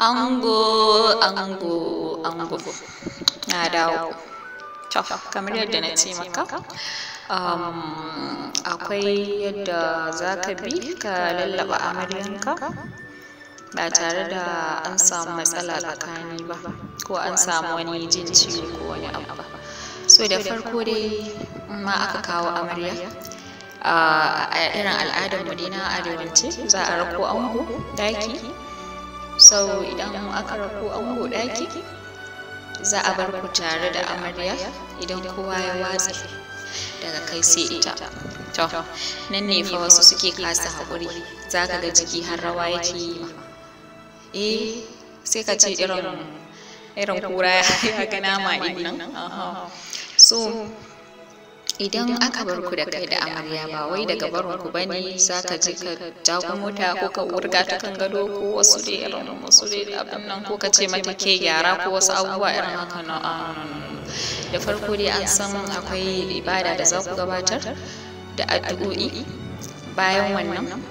ango ango ango na dawo to kamar yadda na ce maka um, akwai yadda za ka bi ka lallaba amaryanka ba tare da an samu matsala tsakani ba ko an samu wani jin ciwo ko wani abu ba so da farko dai ma aka kawo amarya uh, a irin al'adar mu dai na arewance za a rako ango daki sau idan aka rako ango ɗaki za a bar ku tare da amarya idan kowa ya watsa daga kai sai ita to nan ne fa wasu suke kasa haƙuri za ka ga jiki har rawa yake yi ma eh sai ka ce irin irin kura ya ga nama ɗin nan so idan aka bar ku da kai da amarya ba wai daga barin ku bane za ka je ka jago mota ko ka wurga ta kan gado ko wasu da irin wasu da abin nan ko ka ce mata ke gyara ko wasu abubuwa irin haka na da farko dai an san akwai ibada da za ku gabatar da addu'o'i bayan wannan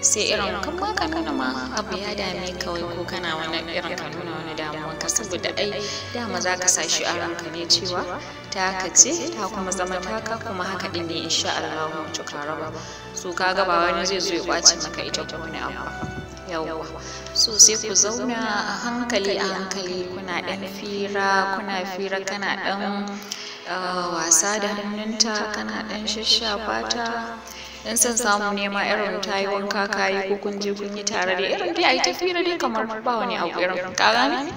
sai irin kan ma kana ma abu ya dame kawai ko kana wani irin ka nuna wani damuwa ka saboda ai dama za ka sa shi a ranka ne cewa ta ka ce ta kuma zama taka kuma haka din ne insha Allah mu cika raba so ka ga ba wani zai zo ya kwace maka ita ko wani abu yawwa so sai ku zauna a hankali a hankali kuna dan fira kuna fira kana ɗan uh, uh, wasa da hannunta kana dan shashafa ta in san samu nema irin ta yi wanka ka yi ko kun je kun yi tare da irin dai a yi tafiya dai kamar ba wani abu irin ka gane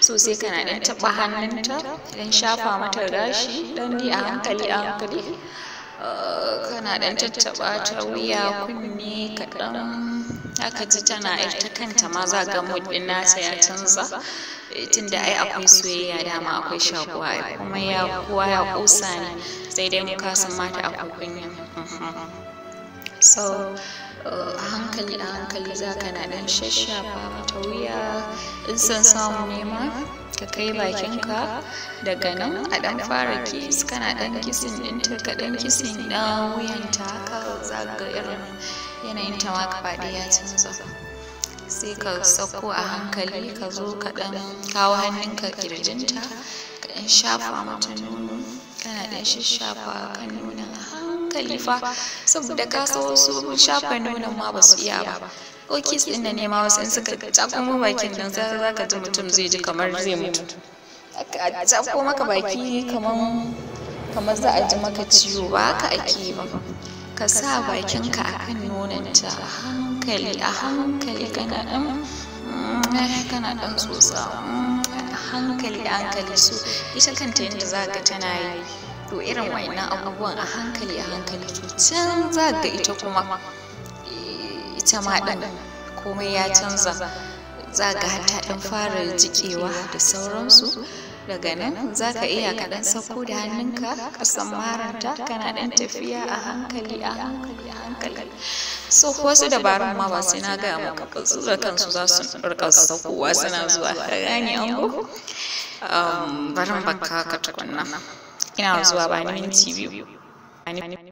so sai kana dan taba hannunta dan shafa mata gashi dan dai a hankali a hankali ah, kana dan tattaba ta wuya kunne kaɗan haka ji tana ta kanta ma za ga mood din nata ya canza tunda ai akwai soyayya dama akwai shakuwa kuma ya kuwa ya kusa ne sai dai mu kasan mata akwai kunya mm-hmm. so uh, a hankali a hankali za ka na dan shashafa mata wuya in san samu nema ka kai bakinka daga nan a dan fara kis kana dan kisin ɗinta ka dan kisin ɗan wuyanta ka za ga irin yanayin tawa faɗi ya canza sai ka sauko a hankali ka zo ka ɗan kawo hannunka kirjinta ka ɗan shafa mata nono kana ɗan shafa kan nonon a hankali fa saboda ka san wasu shafa nonon ma ba su iya ba ko kis ɗin da nema wasu in suka cakon bakin nan sai za ka ji mutum zai ji kamar zai mutu a cakon maka baki kamar kamar za a ji maka ciwo ba haka ake yi ba ka sa bakinka a kan nonanta a hankali a hankali kana ɗan eh, kana ɗan tsotsa a hankali a hankali so ita kanta yadda za ka tana yi to irin wa'annan abubuwan a hankali a hankali to can za ga ita kuma eh, ita ma ɗan komai ya canza za ga ta ɗan fara jiƙewa da sauransu daga nan za ka iya ka kaɗan sauko da hannunka ƙasan maranta kana ɗan tafiya a hankali a hankali a hankali so wasu dabarun ma ba sai na gaya maka ba su da kansu za su rika saukowa suna zuwa ka gane an go barin baka ka tukunna ina zuwa ba ni minti biyu